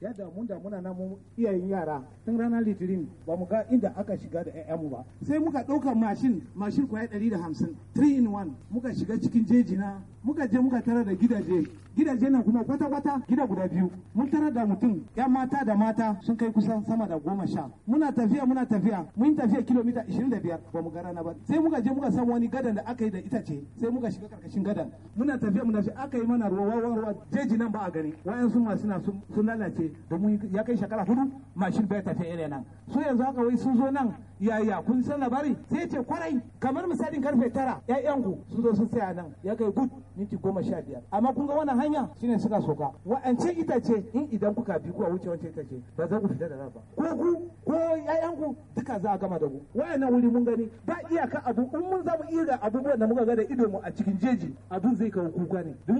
ya damu da muna na iyayen yara tun ranar litinin ba mu ga inda aka shiga da 'ya'yanmu ba sai muka ɗaukar mashin mashin kwaya ɗari da hamsin three in one muka shiga cikin jeji na muka je muka tara da gidaje gidajen nan kuma kwata-kwata gida guda biyu mun tarar da mutum ya mata da mata sun kai kusan sama da goma sha muna tafiya muna tafiya mun tafiya kilomita ishirin da biyar ba mu gara na ba sai muka je muka san wani gadan da aka yi da ce sai muka shiga karkashin gadan muna tafiya muna tafiya aka yi mana ruwa wawan ruwa jeji nan ba a gani wayansu masu na sun lalace domin ya kai shekara hudu mashin bai tafiya irin nan su yanzu haka wai sun zo nan yaya kun san labari sai ce kwarai kamar misalin karfe tara ƴaƴanku sun zo sun tsaya nan ya kai gud minti goma sha biyar amma kun ga wannan hanya shine suka soka wa'ancan ce in idan kuka bi kuwa wuce wancan ce ba za ku fita da ba ko ku ko ƴaƴanku duka za a gama da ku wa'annan wuri mun gani ba iyaka abu in mun zamu iya abubuwan da muka ga da ido mu a cikin jeji abin zai kawo kuka ne